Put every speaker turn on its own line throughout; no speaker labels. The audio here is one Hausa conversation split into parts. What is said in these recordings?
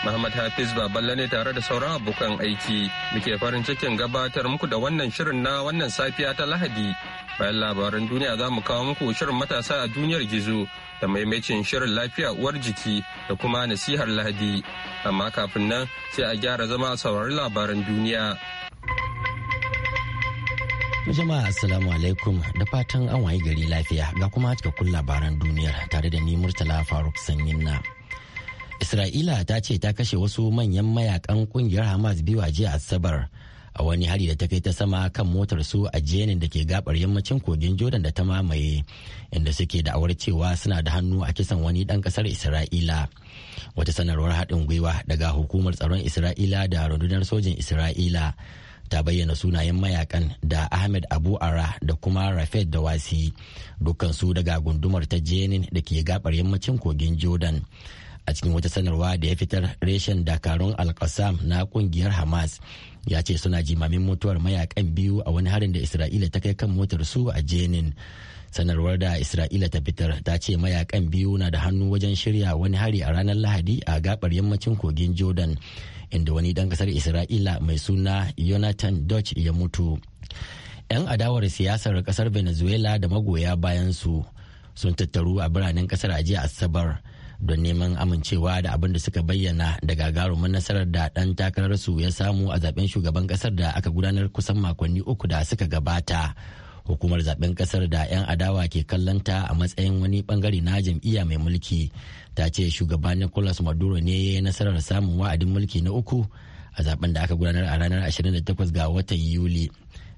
Muhammad Hafiz Baballe ne tare da sauran abokan aiki muke farin cikin gabatar muku da wannan shirin na wannan safiya ta Lahadi. Bayan labaran duniya za mu kawo muku shirin matasa a duniyar gizo da maimacin shirin lafiya uwar jiki da kuma nasihar Lahadi. Amma kafin nan sai a gyara zama a saurari labaran duniya.
Jama'a Assalamu alaikum da fatan an wayi gari lafiya ga kuma cikakkun labaran duniyar tare da ni Murtala Faruk Sanyin na. Isra'ila ta ce ta kashe wasu manyan mayakan kungiyar Hamas biyu a jiya Asabar a wani hari da ta kai ta sama kan motar su a jenin da ke gabar yammacin kogin Jordan da ta mamaye inda suke da'awar cewa suna da hannu a kisan wani dan kasar Isra'ila. Wata sanarwar haɗin gwiwa daga hukumar tsaron Isra'ila da rundunar sojin Isra'ila ta bayyana sunayen mayakan da Ahmed Abu Ara da kuma Rafet da Wasi dukkansu daga gundumar ta Jenin da ke gabar yammacin kogin Jordan. a cikin wata sanarwa da ya fitar reshen dakarun alkasam na kungiyar hamas ya ce suna jimamin mutuwar mayakan biyu a wani harin da isra'ila ta kai kan motar su a jenin sanarwar da isra'ila ta fitar ta ce mayakan biyu na da hannu wajen shirya wani hari a ranar lahadi a gabar yammacin kogin jordan inda wani dan kasar isra'ila mai suna jonathan dutch ya mutu 'yan adawar siyasar kasar venezuela da magoya bayan su sun tattaru a biranen kasar ajiya jiya asabar don neman amincewa da abin da suka bayyana da gagarumin nasarar da ɗan takararsu ya samu a zaben shugaban kasar da aka gudanar kusan makonni uku da suka gabata. hukumar zaben kasar da 'yan adawa ke kallanta a matsayin wani bangare na jam'iyya mai mulki ta ce shugaban nicolas maduro ne ya yi nasarar samun wa'adin mulki na uku a zaben da aka gudanar a ranar 28 ga watan yuli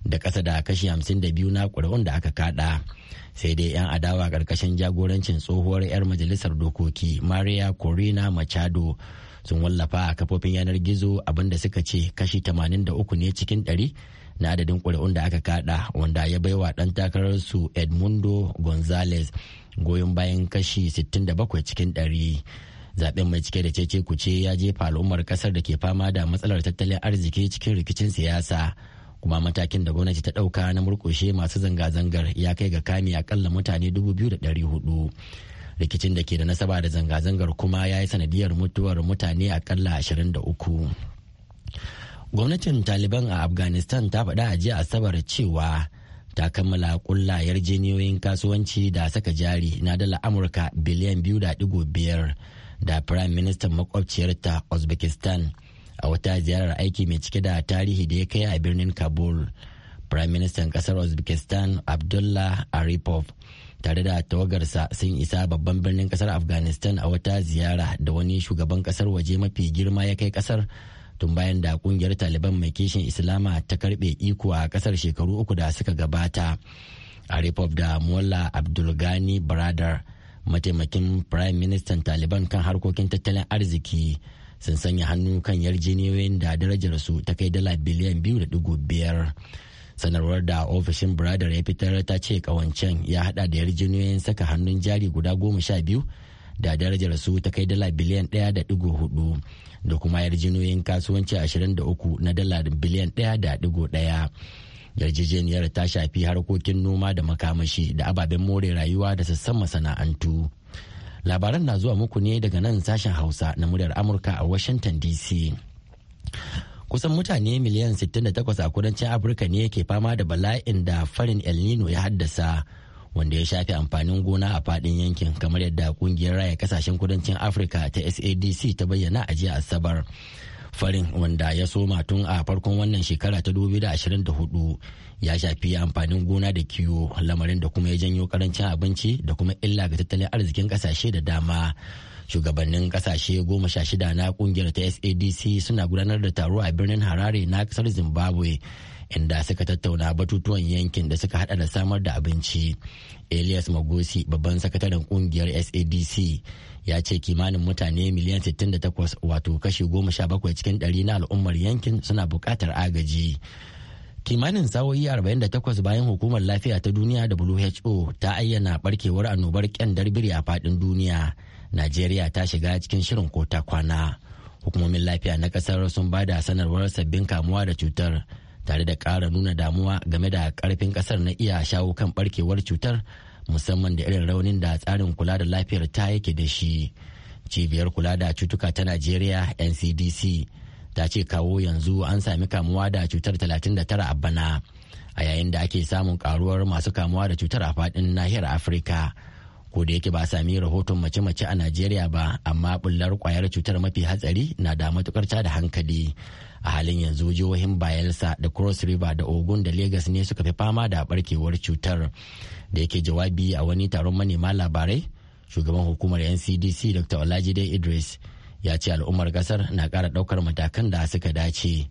da kasa da kashi 52 na ƙuri'un da aka kada sai dai 'yan adawa karkashin jagorancin tsohuwar 'yar majalisar dokoki maria corina machado sun wallafa a kafofin yanar gizo abinda suka ce kashi 83 ne cikin 100 na adadin kuri'un da aka kada wanda ya baiwa ɗan su edmundo gonzales goyon bayan kashi 67 cikin 100 zaɓen mai cike da cece ce ya jefa al'ummar ƙasar da ke fama da matsalar tattalin arziki cikin rikicin siyasa kuma matakin da gwamnati ta ɗauka na murkushe masu zanga-zangar ya kai ga kami akalla mutane 2,400 rikicin da ke da nasaba da zanga-zangar kuma ya yi sanadiyar mutuwar mutane akalla 23 gwamnatin taliban a afghanistan ta faɗa a jiya asabar cewa ta kammala ƙulla yarjeniyoyin kasuwanci da saka jari na dala amurka biliyan 2.5 da firayim ministan makwabciyarta uzbekistan a wata ziyarar aiki mai cike da tarihi da ya kai a birnin kabul prime minister kasar uzbekistan abdullah aripov tare da tawagarsa sun isa babban birnin kasar afghanistan a wata ziyara da wani shugaban kasar waje mafi girma ya kai kasar tun bayan da kungiyar taliban mai kishin islama ta karbe iko a kasar shekaru uku da suka gabata aripov da mullah abdulgani brother mataimakin prime taliban kan harkokin tattalin arziki sun sanya hannu kan yarjejeniyoyin da darajar su ta kai dala biliyan biyu da digo biyar sanarwar da ofishin brother ya fitar ta ce kawancen ya hada da yarjejeniyoyin saka hannun jari guda goma sha biyu da darajar su ta kai dala biliyan daya da digo hudu da kuma yarjejeniyoyin kasuwanci ashirin da uku na dala biliyan ɗaya da digo daya yarjejeniyar ta shafi harkokin noma da makamashi da ababen more rayuwa da sassan masana'antu labaran na zuwa muku ne daga nan sashen hausa na muryar amurka a washington dc kusan mutane miliyan 68 a kudancin afirka ne ke fama da bala'in da farin el nino ya haddasa wanda ya shafi amfanin gona a fadin yankin kamar yadda kungiyar raya kasashen kudancin afirka ta sadc ta bayyana a jiya asabar farin wanda ya soma tun a farkon wannan shekara ta 2024 ya shafi amfanin gona da kiwo lamarin da kuma ya janyo karancin abinci da kuma illa ga tattalin arzikin kasashe da dama shugabannin kasashe goma sha shida na kungiyar ta sadc suna gudanar da taro a birnin harare na kasar zimbabwe inda suka tattauna batutuwan yankin da suka hada da samar da abinci elias magosi babban sakataren kungiyar sadc ya ce kimanin mutane miliyan 68 wato kashi 17 cikin 100 na al'ummar yankin suna buƙatar agaji kimanin sa'o'i 48 bayan hukumar lafiya ta duniya who ta ayyana barkewar annobar kyandar biri a fadin duniya najeriya ta shiga cikin shirin ko ta kwana hukumomin lafiya na kasar sun ba da sanarwar sabbin kamuwa da cutar tare da ƙara nuna damuwa game da ƙarfin ƙasar na iya shawo kan barkewar cutar musamman da irin raunin da tsarin kula da lafiyar ta yake da shi cibiyar kula da cutuka ta najeriya ncdc ta ce kawo yanzu an sami kamuwa da cutar 39 a bana a yayin da ake samun karuwar masu kamuwa da cutar a fadin nahiyar afirka ko da yake ba a sami rahoton mace-mace a najeriya ba amma bullar kwayar cutar mafi hatsari na da matukar da hankali a halin yanzu jihohin bayelsa da cross river da ogun da Legas ne suka fi fama da barkewar cutar da yake jawabi a wani taron manema labarai shugaban hukumar ncdc dr olajide idris ya ce al'ummar kasar na ƙara ɗaukar matakan da suka dace.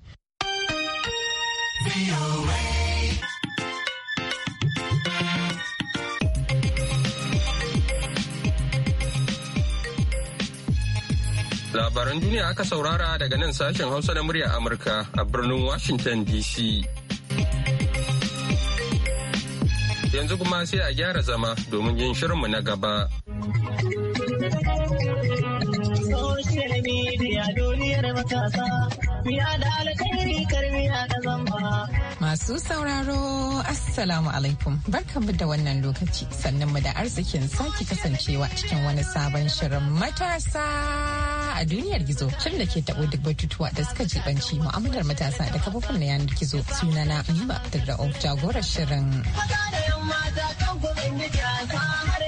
Labaran duniya aka saurara daga nan sashen Hausa na murya Amurka a birnin Washington DC. Yanzu kuma sai a gyara zama domin yin shirinmu na gaba.
Masu sauraro Assalamu alaikum Barka barkanmu da wannan lokaci sannan mu da arzikin sake kasancewa cikin wani sabon shirin matasa. a duniyar gizo shirin da ke tabo duk batutuwa da suka jibanci mu'amalar matasa da kafofin na yanar gizo sunana Nima Abdulrahman jagorar shirin.
Mata da yan mata kan kuma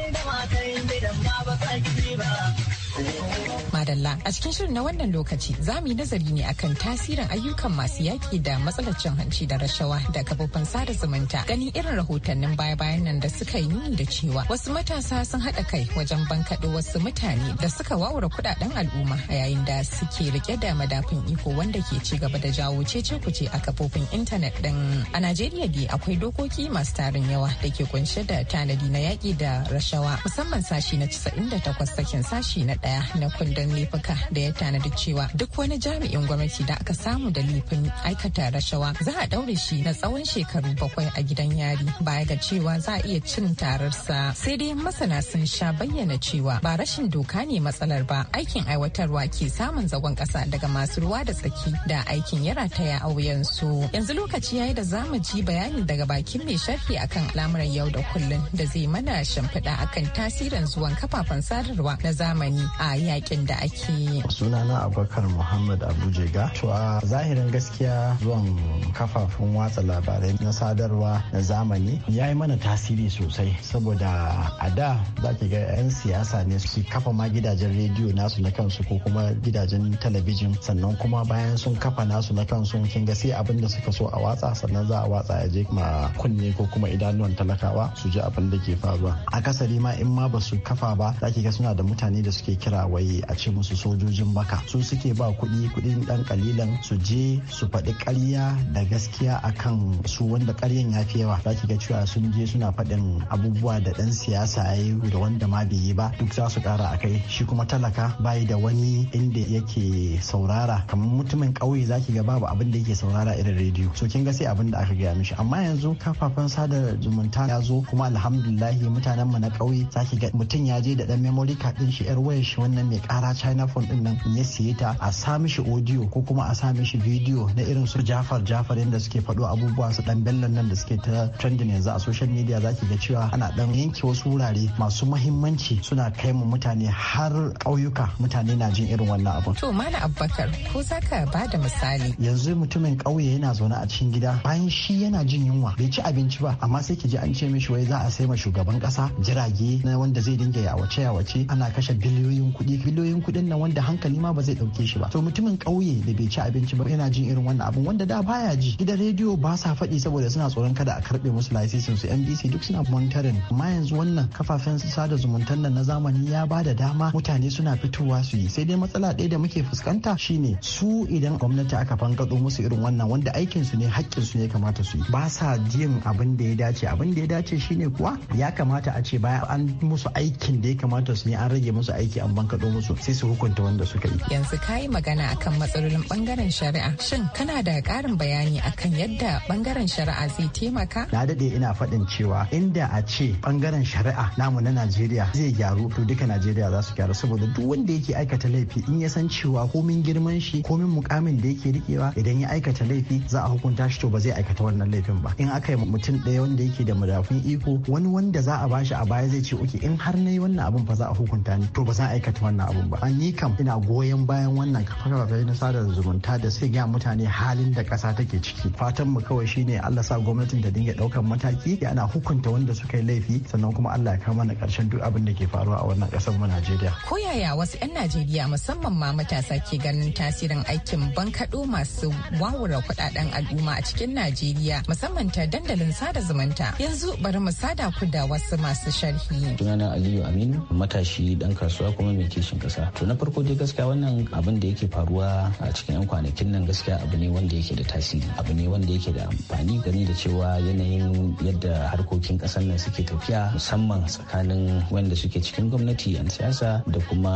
madalla a cikin shirin na wannan lokaci za mu yi nazari ne akan tasirin ayyukan masu yaƙi da matsalar cin hanci da rashawa da kafofin sada zumunta ganin irin rahotannin baya-bayan nan da suka yi nuni da cewa wasu matasa sun haɗa kai wajen bankaɗo wasu mutane da suka wawura kuɗaɗen al'umma a yayin da suke rike da madafin iko wanda ke ci gaba da jawo cece kuce a kafofin intanet ɗin a najeriya dai akwai dokoki masu tarin yawa da ke kunshe da tanadi na yaƙi da rashawa musamman sashi na 98 sakin sashi na ɗaya na kundin laifuka da ya tanadi cewa duk wani jami'in gwamnati da aka samu da laifin aikata rashawa za a daure shi na tsawon shekaru bakwai a gidan yari baya ga cewa za a iya cin tararsa sai dai masana sun sha bayyana cewa ba rashin doka ne matsalar ba aikin aiwatarwa ke samun zagon kasa daga masu ruwa da tsaki da aikin ya rataya a yanzu lokaci yayi da zamu ji bayani daga bakin mai sharhi akan al'amuran yau da kullun da zai mana shimfiɗa akan tasirin zuwan kafafen sadarwa na zamani a yakin da ake yi.
Sunana Abubakar Muhammad Abujega. To a zahirin gaskiya zuwan kafafun watsa labarai na sadarwa na zamani ya yi mana tasiri sosai saboda a da za ki ga 'yan siyasa ne su kafa ma gidajen rediyo nasu na kansu ko kuma gidajen talabijin sannan kuma bayan sun kafa nasu na kansu kin ga sai abin da suka so a watsa sannan za a watsa ya je ma kunne ko kuma idanuwan talakawa su ji abin da ke faruwa akasari ma in ma ba su kafa ba za ki ga suna da mutane da suke kira wai a ce musu sojojin baka su suke ba kuɗi kuɗin ɗan kalilan su je su faɗi ƙarya da gaskiya akan su wanda ƙaryan ya fi yawa zaki ga cewa sun je suna faɗin abubuwa da ɗan siyasa ya yi da wanda ma bai yi ba duk za su ƙara a kai shi kuma talaka bayi da wani inda yake saurara kamar mutumin ƙauye zaki ga babu abin da yake saurara irin rediyo so kin ga sai abin da aka gaya mishi amma yanzu kafafen sada zumunta ya zo kuma alhamdulillahi mutanen mu na ƙauye za ga mutum ya je da ɗan memory card ɗin shi yar wayar shi wannan mai ƙara china phone din nan ya siye ta a sa mishi audio ko kuma a sa mishi video na irin su jafar jafar yadda suke faɗo abubuwa su dan bellan nan da suke ta trending yanzu a social media zaki ga cewa ana dan yanke wasu wurare masu mahimmanci suna kai mu mutane har ƙauyuka mutane na jin irin wannan abu.
To mana Abubakar
ko zaka ba da misali. Yanzu mutumin ƙauye yana zaune a cikin gida bayan shi yana jin yunwa bai ci abinci ba amma sai ki ji an ce mishi wai za a sai ma shugaban ƙasa jirage na wanda zai dinga yawace yawace ana kashe biliyoyin kuɗi biliyoyin kuɗi kuɗin nan wanda hankali ma ba zai ɗauke shi ba to mutumin ƙauye da bai ci abinci ba yana jin irin wannan abin wanda da baya ji gidan rediyo ba sa faɗi saboda suna tsoron kada a karɓe musu lasisin su NBC duk suna monitoring amma yanzu wannan kafafen sada zumuntan nan na zamani ya ba da dama mutane suna fitowa su yi sai dai matsala ɗaya da muke fuskanta shine su idan gwamnati aka fankaɗo musu irin wannan wanda aikin su ne haƙƙin su ne kamata su yi ba sa jin abin da ya dace abin da ya dace shine kuwa ya kamata a ce baya an musu aikin da ya kamata su ne an rage musu aiki an bankaɗo musu sai su hukunta wanda suka yi.
Yanzu ka yi magana akan matsalolin bangaren shari'a. Shin kana da ƙarin bayani akan yadda bangaren shari'a zai taimaka?
Na dade ina faɗin cewa inda a ce bangaren shari'a namu na Najeriya zai gyaru to duka Najeriya za su gyaru saboda duk wanda yake aikata laifi in ya san cewa komin girman shi komin mukamin da yake rikewa idan ya aikata laifi za a hukunta shi to ba zai aikata wannan laifin ba. In aka yi mutum ɗaya wanda yake da madafun iko wani wanda za a bashi a baya zai ce oke in har na yi wannan abun fa za a hukunta ni to ba za aikata wannan abun ba an yi kam ina goyon bayan wannan kafafen na sada zumunta da sai gaya mutane halin da kasa take ciki fatan mu kawai shine Allah sa gwamnatin ta dinga ɗaukan mataki ya ana hukunta wanda suka yi laifi sannan kuma Allah ya kama mana ƙarshen duk abin da ke faruwa a wannan ƙasar mu Najeriya
ko yaya wasu 'yan Najeriya musamman ma matasa ke ganin tasirin aikin bankaɗo masu wawura kuɗaɗen al'umma a cikin Najeriya musamman ta dandalin sada zumunta yanzu bari mu sada ku da wasu masu sharhi
sunana Aliyu Aminu matashi dan kasuwa kuma mai kishin kasa to na farko dai gaskiya wannan abin da yake faruwa a cikin 'yan kwanakin nan gaskiya abu ne wanda yake da tasiri abu ne wanda yake da amfani gani da cewa yanayin yadda harkokin kasar nan suke tafiya musamman tsakanin wanda suke cikin gwamnati yan siyasa da kuma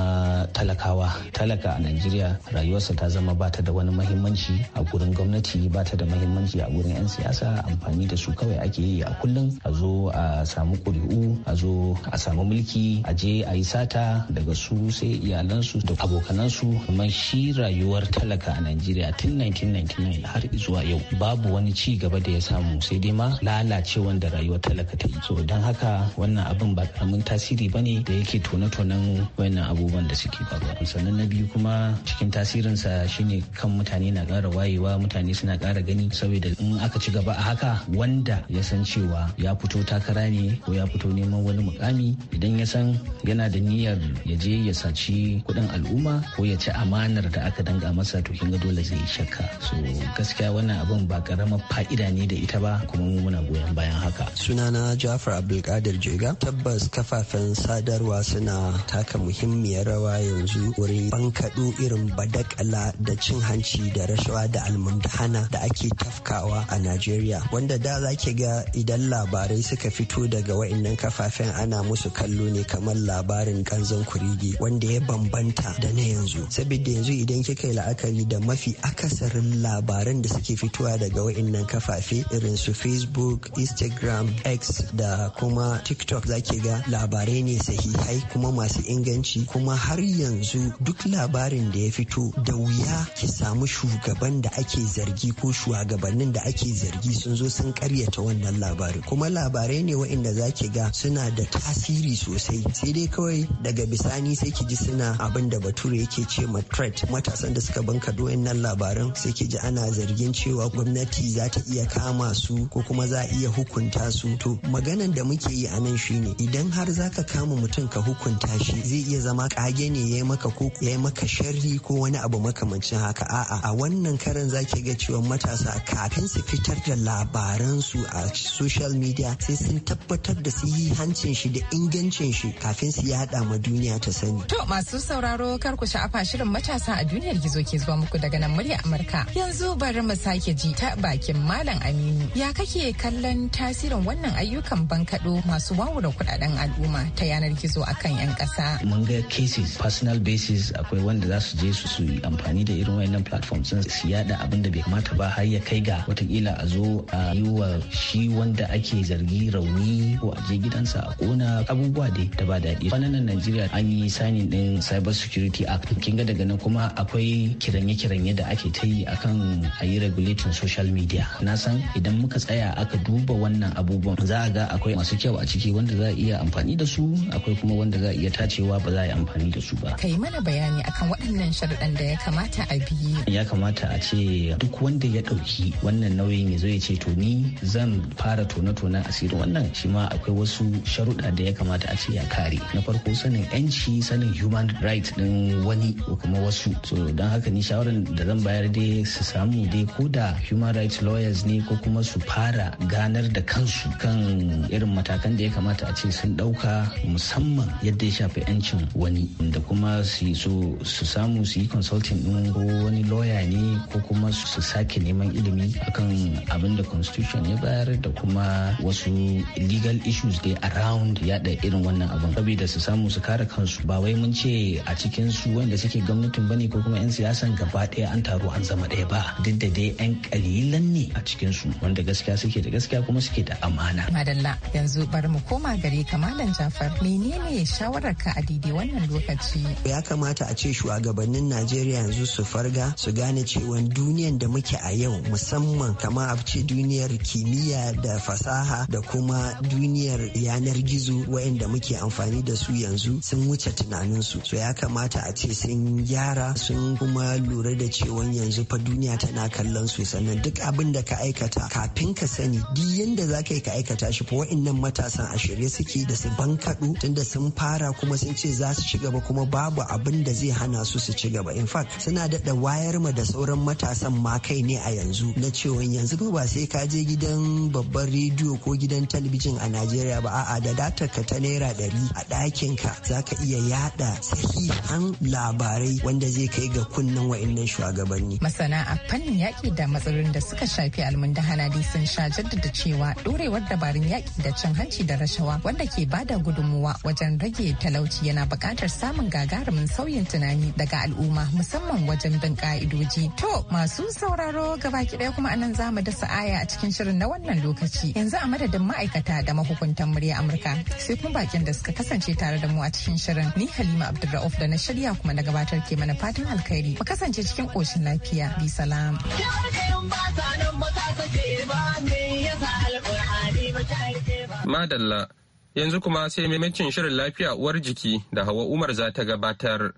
talakawa talaka a najeriya rayuwarsa ta zama ba ta da wani mahimmanci a gurin gwamnati ba ta da mahimmanci a gurin 'yan siyasa amfani da su kawai ake yi a kullum a zo a samu ƙuri'u a zo a samu mulki a je a yi sata daga su sai iyalan iyalansu da abokanansu kamar shi rayuwar talaka a Najeriya tun 1999 har zuwa yau babu wani ci gaba da ya samu sai dai ma lalacewan da rayuwar talaka ta yi. So don haka wannan abin ba karamin tasiri ba ne da yake tona tonan wannan abubuwan da suke faruwa. Sannan na biyu kuma cikin tasirinsa shine kan mutane na ƙara wayewa mutane suna ƙara gani saboda in aka ci gaba a haka wanda ya san cewa ya fito takara ne ko ya fito neman wani mukami idan ya san yana da niyyar ya je ya saci karbi kuɗin al'umma ko ya ci amanar da aka danga masa to kin dole zai shakka so gaskiya wannan abin ba karamar fa'ida ne da ita ba kuma mu muna goyon bayan haka
sunana Jafar Abdulkadir Jega tabbas kafafen sadarwa suna taka muhimmiyar rawa yanzu wurin bankaɗo irin badakala da cin hanci da rashawa da almundahana da ake tafkawa a Najeriya wanda da zaki ga idan labarai suka fito daga wa'annan kafafen ana musu kallo ne kamar labarin kanzon kurigi wanda ya bambam bambanta da na yanzu saboda yanzu idan kika yi la'akari da mafi akasarin labaran da suke fitowa daga wa'annan kafafe irin su facebook instagram x da kuma tiktok zaki ga labarai ne sahihai kuma masu inganci kuma har yanzu duk labarin da ya fito da wuya ki samu shugaban da ake zargi ko shugabannin da ake zargi sun zo sun karyata wannan labarin kuma labarai ne wa'inda zaki ga suna da tasiri sosai sai dai kawai daga bisani sai ki ji suna abin da bature yake ce ma threat matasan da suka banka doyin nan labaran sai ke ji ana zargin cewa gwamnati za ta iya kama su ko kuma za a iya hukunta su to maganan da muke yi a nan shine idan har za ka kama mutum ka hukunta shi zai iya zama kage ne ya yi maka ko ya maka sharri ko wani abu makamancin haka a'a a wannan karan za ga cewa matasa kafin su fitar da labaran su a social media sai sun tabbatar da su yi hancin shi da ingancin shi kafin su yada ma duniya ta sani
to masu sauraro kar ku sha'afa shirin matasa a duniyar gizo ke zuwa muku daga nan murya Amurka. Yanzu bari mu sake ji ta bakin Malam Aminu. Ya kake kallon tasirin wannan ayyukan bankaɗo masu wawura kuɗaɗen al'umma ta yanar gizo akan 'yan ƙasa.
Mun ga cases personal basis akwai wanda za su je su su yi amfani da irin wayannan platforms su yada abin da bai kamata ba har ya kai ga watakila a zo a yi wa shi wanda ake zargi rauni ko a je gidansa a kona abubuwa dai da ba daɗi. Kwanan nan Najeriya an yi sanin ɗin cyber security act kin ga daga nan kuma akwai kiranye-kiranye da ake ta yi akan a yi regulating social media na san idan muka tsaya aka duba wannan abubuwan za a ga akwai masu kyau a ciki wanda za a iya amfani da su akwai kuma wanda za a iya tacewa ba za a yi amfani da su ba
kai mana bayani akan waɗannan sharuɗan da ya kamata a bi
ya kamata a ce duk wanda ya ɗauki wannan nauyin ya zo ya ce to ni zan fara tona-tona asirin wannan shi akwai wasu sharuɗa da ya kamata a ce ya kare na farko sanin yanci sanin human right din wani ko kuma wasu so don haka ni shawarar da zan bayar dai su samu dai ko da human rights lawyers ne ko kuma su fara ganar da kansu kan irin matakan da ya kamata a ce sun dauka musamman yadda ya shafi yancin wani da kuma su so su samu su yi consulting ɗin ko wani lawyer ne ko kuma su sake neman ilimi akan abin da constitution ya bayar da kuma wasu legal issues dai around yada irin wannan abin saboda su samu su kare kansu ba wai mun ce a cikin su wanda suke gwamnatin bane ko kuma 'yan siyasan gaba ɗaya an taru an zama ɗaya ba duk da dai 'yan kalilan ne a cikin su wanda gaskiya suke da gaskiya kuma suke
da amana.
Madalla yanzu bari mu koma gare kamalan Jafar menene shawarar ka a daidai wannan lokaci?
Ya kamata a ce shugabannin Najeriya yanzu su farga su gane cewa duniyan da muke a yau musamman kama a ce duniyar kimiyya da fasaha da kuma duniyar yanar gizo wayanda muke amfani da su yanzu sun wuce tunaninsu. to ya kamata a ce sun gyara sun kuma lura da cewa yanzu fa duniya tana kallon su sannan duk abin da ka aikata kafin ka sani duk yanda za ka yi ka aikata shi fa wa'annan matasan a shirye suke da su bankaɗo tunda sun fara kuma sun ce za su ci gaba kuma babu abin da zai hana su su ci gaba in fact suna daɗa wayar ma da sauran matasan ma kai ne a yanzu na cewa yanzu ba sai ka je gidan babban rediyo ko gidan talabijin a Najeriya ba a'a da datar ka ta naira ɗari a ɗakin ka za ka iya yada sahihan labarai wanda zai kai ga kunnen wa'annan shugabanni.
Masana a fannin yaƙi da matsalolin da suka shafi almunda hanadi sun sha jaddada cewa ɗorewar dabarun yaƙi da cin hanci da rashawa wanda ke bada gudunmuwa wajen rage talauci yana buƙatar samun gagarumin sauyin tunani daga al'umma musamman wajen bin ka'idoji. To masu sauraro gaba ɗaya kuma anan za mu dasa aya a cikin shirin na wannan lokaci yanzu a madadin ma'aikata da mahukuntan murya Amurka sai kuma bakin da suka kasance tare da mu a cikin shirin ni Halima Abdul of da na shirya kuma na gabatar ke mana fatan alkhairi. Mu kasance cikin koshin lafiya. Bi salam.
Madalla yanzu kuma sai maimakon shirin lafiya uwar jiki da hawa Umar za ta gabatar.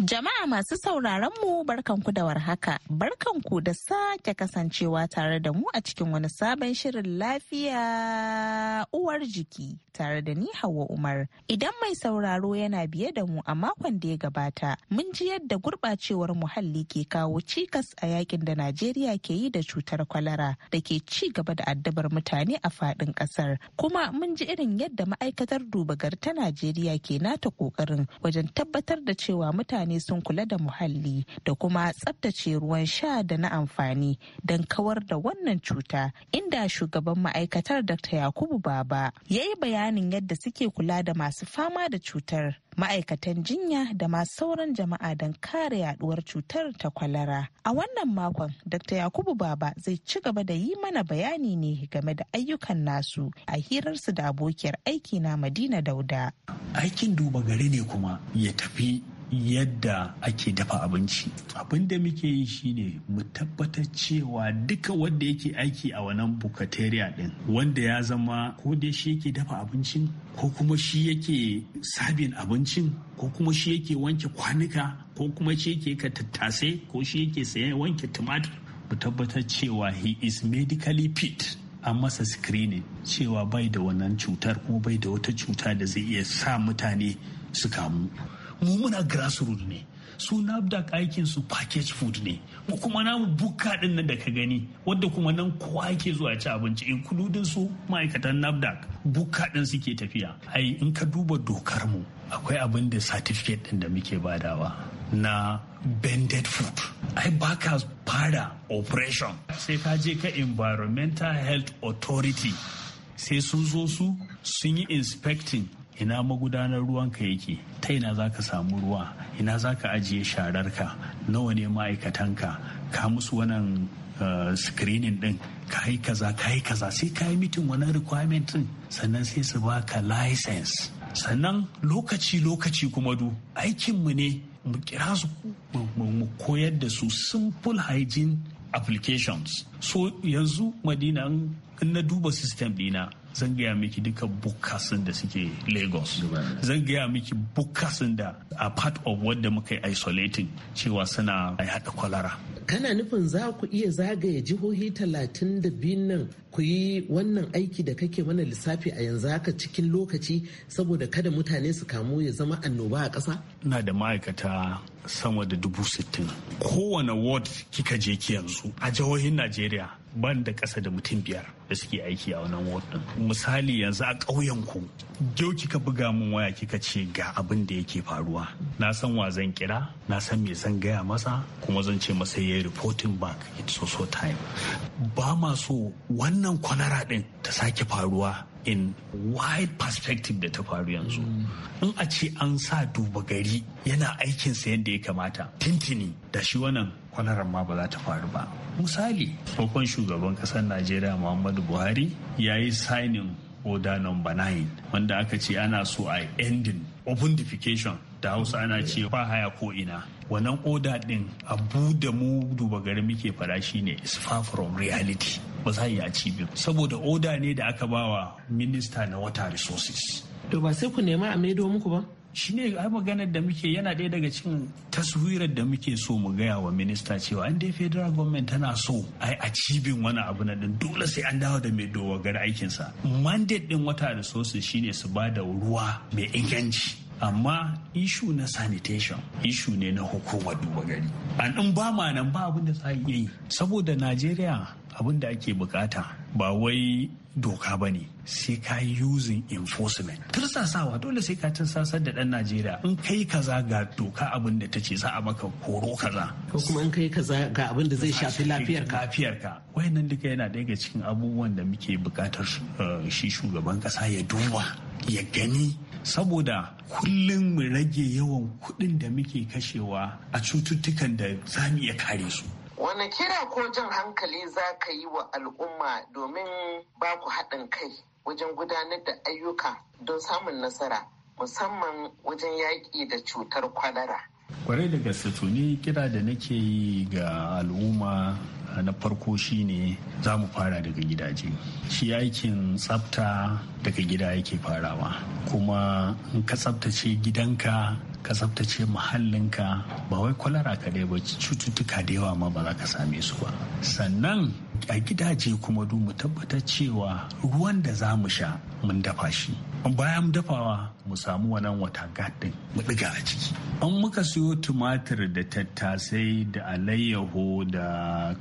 Jama'a masu sauraron mu barkanku da warhaka, barkanku da sake kasancewa tare da mu a cikin wani sabon shirin lafiya uwar jiki tare da ni Hauwa Umar. Idan mai sauraro yana biye da mu a makon da ya gabata, mun ji yadda gurɓacewar muhalli ke kawo cikas a yakin da Najeriya ke yi da cutar kwalara da ke ci gaba da addabar mutane a faɗin ƙasar. Kuma mun ji irin yadda ma'aikatar duba gari ta Najeriya ke nata ƙoƙarin wajen tabbatar da cewa mutane mutane sun kula da muhalli da kuma tsabtace ruwan sha da na amfani don kawar da wannan cuta inda shugaban ma'aikatar Dr. Yakubu Baba ya yi bayanin yadda suke kula da masu fama da cutar. ma'aikatan jinya da ma sauran jama'a don kare yaduwar cutar ta kwalara. A wannan makon, Dr. Yakubu Baba zai ci gaba da yi mana bayani ne game da ayyukan nasu a hirarsu da abokiyar aiki na Madina Dauda.
Aikin duba gari ne kuma ya tafi yadda ake dafa abinci Abinda muke yi shine mu tabbatar cewa duka wanda yake aiki a wannan bukateriya din wanda ya zama ko dai shi yake dafa abincin ko kuma shi yake sabin abincin ko kuma shi yake wanke kwanuka ko kuma shi yake ka tattase ko shi yake sayan wanke tumatir mu tabbatar cewa he is medically fit an masa screening cewa bai da wannan cutar kuma bai da wata cuta da zai iya sa mutane su kamu mu muna root ne su nafdac aikin su package food ne mu kuma namu bukka din nan da ka gani wadda kuma nan kowa yake zuwa ci abinci including su ma'aikatan nafdac bukka din suke tafiya ai in ka duba dokar mu akwai abin da certificate din da muke badawa na bended food ai baka fara operation sai ka je ka environmental health authority sai sun zo su sun yi inspecting ina magudanar ruwanka yake ta ina za ka samu ruwa ina za ka ajiye shararka nawa ne ma'aikatan ka ka musu wannan eh, screening din ka yi kaza ka yi kaza sai ka yi mitin wannan requirement din sannan sai su ba ka license sannan lokaci-lokaci kuma du aikinmu ne mu kira su mu koyar da su simple hygiene applications so yanzu madina in na duba system dina zan gaya miki duka bukasin da suke lagos zan gaya miki bukasin da a part of wadda muka yi isolating cewa suna yada kwalara
kana nufin za ku iya zagaya jihohi talatin da biyun nan ku yi wannan aiki da kake mana
lissafi a yanzu haka cikin lokaci saboda kada mutane su kamu ya zama annoba a ƙasa?
Ina da ma'aikata sama da dubu sittin. Kowane ward kika je ki yanzu a jihohin Najeriya ban da ƙasa da mutum biyar da suke aiki a wannan ward ɗin. Misali yanzu a ƙauyen ku, yau kika buga min waya kika ce ga abin da yake faruwa. Na san wa zan kira, na san me zan gaya masa, kuma zan ce masa ya yi reporting back in so so time. Ba ma so wannan wannan kwanara ɗin ta sake faruwa in wide perspective da ta faru yanzu in a ce an sa duba gari yana aikin sa yadda ya kamata tintini da shi wannan kwanarar ma ba za ta faru ba misali tsohon shugaban kasar najeriya muhammadu buhari ya yi signing order number 9 wanda aka ce ana so a ending open da hausa ana ce ba haya ko ina wannan oda din abu da mu duba gari muke fara ne is far from reality ba za a yi a cibin saboda oda ne da aka bawa minista na water resources
to ba sai ku nema a maido muku ba shi ne a maganar da
muke yana ɗaya daga cikin taswirar da muke so mu gaya wa minista cewa an dai federal government tana so ai a cibin wani abu na din dole sai an dawo da mai gari aikinsa mandate din wata resources shine su ba da ruwa mai inganci amma ishu na sanitation ishu ne na hukumar duba gari an in ba ma nan ba abin da za yi saboda najeriya abin da ake bukata ba wai doka ba ne sai ka using enforcement tursasawa dole sai ka tursasar da dan najeriya in kai kaza ga doka abin da ta ce za a maka koro kaza
ko kuma in kai kaza ga abin da zai shafi lafiyar ka lafiyar
ka wayannan duka yana daga cikin abubuwan da muke bukatar eh, shi shugaban kasa ya duba ya gani saboda kullum mu rage yawan kuɗin da muke kashewa a cututtukan da za mu iya kare su.
Wane kira ko jan hankali za ka yi wa al'umma domin ba ku haɗin kai wajen gudanar da ayyuka don samun nasara musamman wajen yaƙi da cutar kwalara?
kwarai da gaske to ni kira da nake yi ga al'umma na farko shine za mu fara daga gidaje shi aikin tsafta daga gida yake farawa kuma in ka tsaftace gidanka ka tsaftace muhallinka ba wai kwalara kadai ba cututtuka da yawa ma ba za ka same su ba sannan a gidaje kuma du mu tabbatar cewa ruwan da za mu sha mun dafa shi bayan dafawa mu samu wannan wata gadin mu diga a ciki an muka siyo tumatir da tattasai da alayyaho da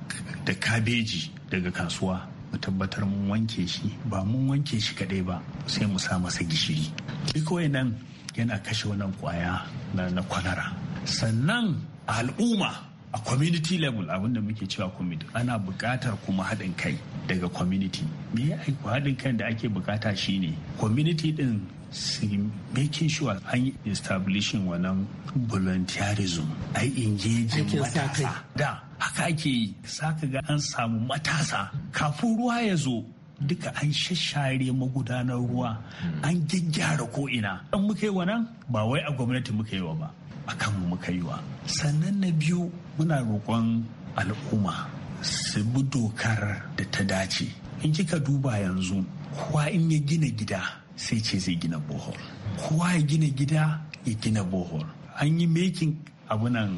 kabeji daga kasuwa mu tabbatar mun wanke shi ba mun wanke shi kadai ba sai mu sa masa gishiri duk nan yana kashe wannan kwaya na kwanara. sannan al'umma a community level abin da muke cewa community ana buƙatar kuma haɗin kai daga community me ya aiko haɗin kai da ake buƙata shine community ɗin su making sure an yi establishing wannan volunteerism ai engaging matasa da haka ake yi saka ga an samu matasa kafin ruwa ya zo duka an shashare magudanar ruwa an gyaggyara ko'ina an muka yi nan ba wai a gwamnati muka yi wa ba a kanmu muka yi wa sannan na biyu muna roƙon al'umma su bi dokar da ta dace in kika duba yanzu kowa in ya gina gida sai ce zai gina bohol kowa ya gina gida ya gina bohol an yi mekin abunan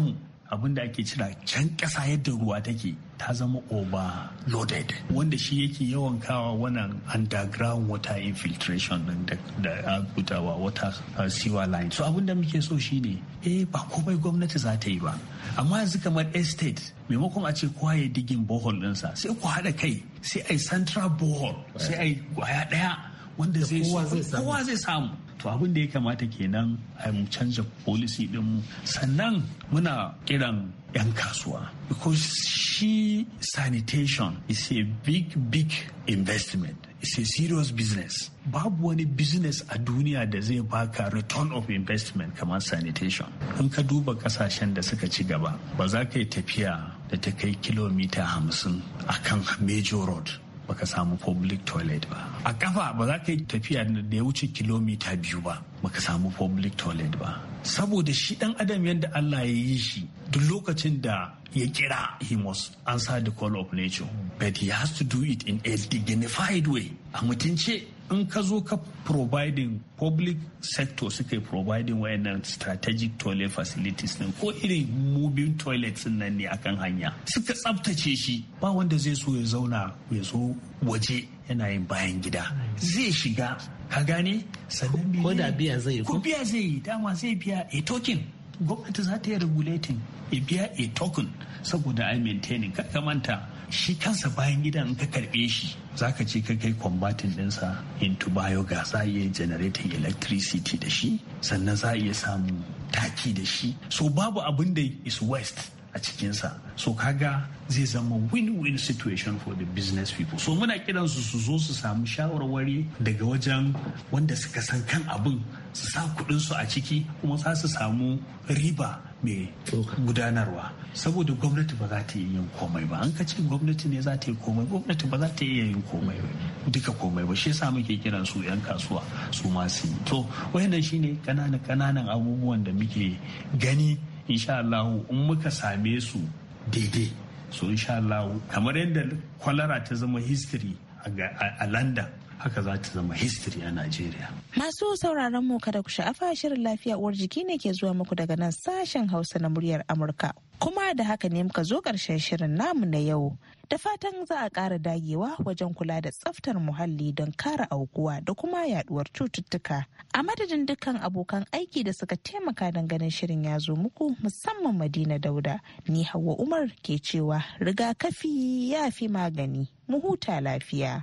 mu. abin da ake cira can ƙasa yadda ruwa take ta zama overloaded wanda shi yake yawan kawa wannan underground water infiltration din da abutawa water uh, sewer line so abin da muke so shine eh ba komai gwamnati za ta yi ba amma yanzu kamar estate maimakon a ce kowa ya digin bohol ɗinsa sai ku haɗa kai sai ai central bohol sai a kwaya ɗaya wanda kowa zai samu to abin da ya kamata kenan a mu canza policy din sannan muna kiran 'yan kasuwa because shi sanitation is a big big investment it's a serious business babu wani business a duniya da zai baka return of investment kamar sanitation in ka duba kasashen da suka ci gaba ba za ka yi tafiya da ta kai kilomita hamsin a kan major road baka samu public toilet ba a kafa ba za ka yi tafiya da ya wuce kilomita biyu ba baka samu public toilet ba saboda shi dan adam yadda Allah ya yi shi duk lokacin da ya kira he must answer the call of nature but he has to do it in a dignified way a mutunce in ka zo ka providing public sector suka yi providing wayannan strategic toilet facilities din ko irin moving toilets nan ne akan hanya suka tsabtace shi ba wanda zai so ya zauna ya zo waje yana yin bayan gida zai shiga ka gane sannan ko da biya zai ko biya zai yi dama zai biya a token gwamnati za ta yi regulating a biya a token saboda ai maintaining ka manta shi kansa bayan gidan ka karbe shi za ka ce ka kai combatin dinsa into biogas za a iya generating electricity da shi sannan za a iya samun taki da shi so babu abin da is west a cikinsa so kaga zai zama win-win situation for the business people so muna kiran su zo su samu shawarwari daga wajen wanda suka san kan abin su sa su a ciki kuma za su samu riba mai gudanarwa saboda gwamnati ba za ta yi yin komai ba an ka ce gwamnati ne za ta yi komai gwamnati ba za ta iya yin komai ba duka komai ba shi yasa muke kiran su yan kasuwa su masu yi to wayannan shine kananan kananan abubuwan da muke gani insha in muka same su daidai so insha kamar yadda kwalara ta zama history a London haka za ta zama history a Najeriya.
Masu sauraron mu kada ku sha'afa shirin lafiya uwar jiki ne ke zuwa muku daga nan sashen Hausa na muryar Amurka. kuma da haka ne muka zo ƙarshen shirin namu na yau da fatan za a ƙara dagewa wajen kula da tsaftar muhalli don kare aukuwa da kuma yaduwar cututtuka a madadin dukkan abokan aiki da suka taimaka don ganin shirin ya zo muku musamman madina dauda ni hawa umar ke cewa rigakafi ya fi magani mu huta lafiya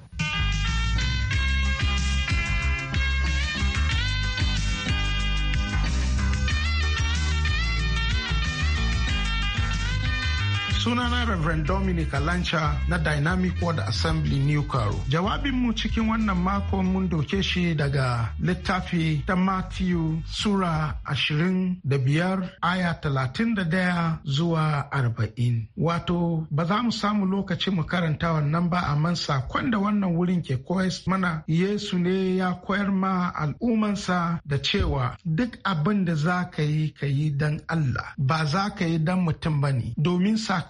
Sunana Reverend Dominic Alancha na Dynamic World Assembly New jawabin mu cikin wannan mako mun doke shi daga littafi ta Matthew Sura ashirin da biyar aya talatin da daya zuwa arba'in. Wato ba za mu samu lokaci mu karanta wannan ba man sakon da wannan wurin ke koyar mana Yesu ne ya koyar ma al'umansa da cewa duk abin da za ka yi ka yi don Allah ba za ka yi don mutum ba ne domin sa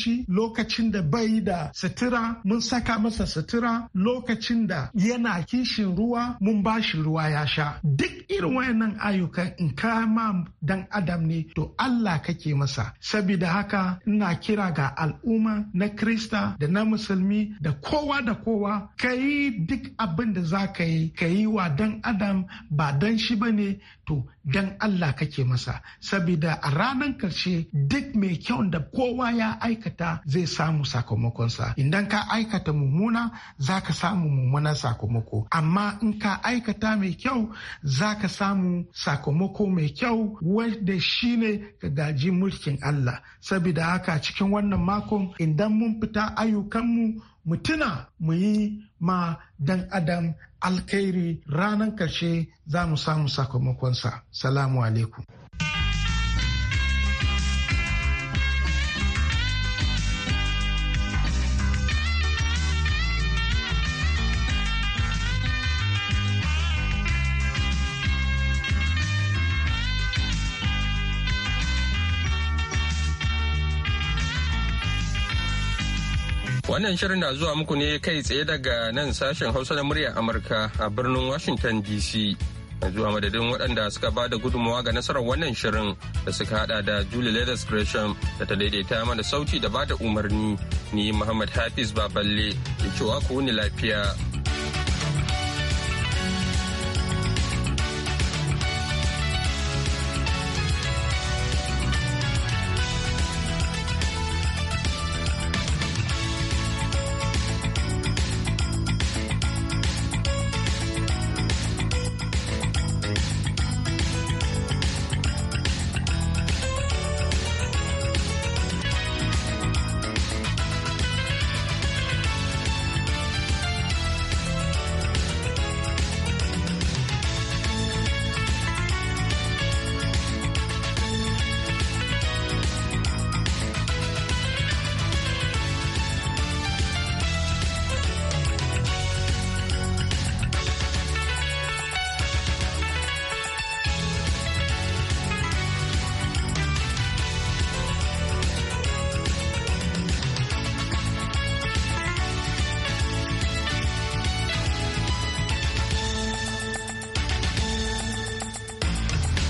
abinci lokacin da bai da sutura mun saka masa sutura lokacin da yana kishin ruwa mun ba shi ruwa ya sha duk irin wayannan ayyukan in kama dan adam ne to Allah kake masa saboda haka ina kira ga al'umma na krista da na musulmi da kowa da kowa ka yi duk abin da za ka yi ka yi wa dan adam ba dan shi ba ne to dan Allah kake masa sabida a ranar karshe duk mai kyau da kowa ya aikata zai samu sakamakonsa idan ka aikata mummuna za ka samu mummunan sakamako amma in ka aikata mai kyau za ka samu sakamako mai kyau wanda ne ka gaji mulkin Allah sabida haka cikin wannan makon idan mun fita ayyukanmu mu tuna mu yi ma dan adam alkhairi ranar karshe za mu samu sakamakonsa. Salamu alaikum.
Wannan shirin na zuwa muku ne kai tsaye daga nan sashen Hausa da murya Amurka a birnin Washington DC. Na zuwa madadin waɗanda suka ba da gudunmawa ga nasarar wannan shirin da suka hada da Julie Leathers Gresham da ta daidaita mana sauti da ba da umarni. Ni Muhammad Hafiz Baballe, da cewa ku wuni lafiya.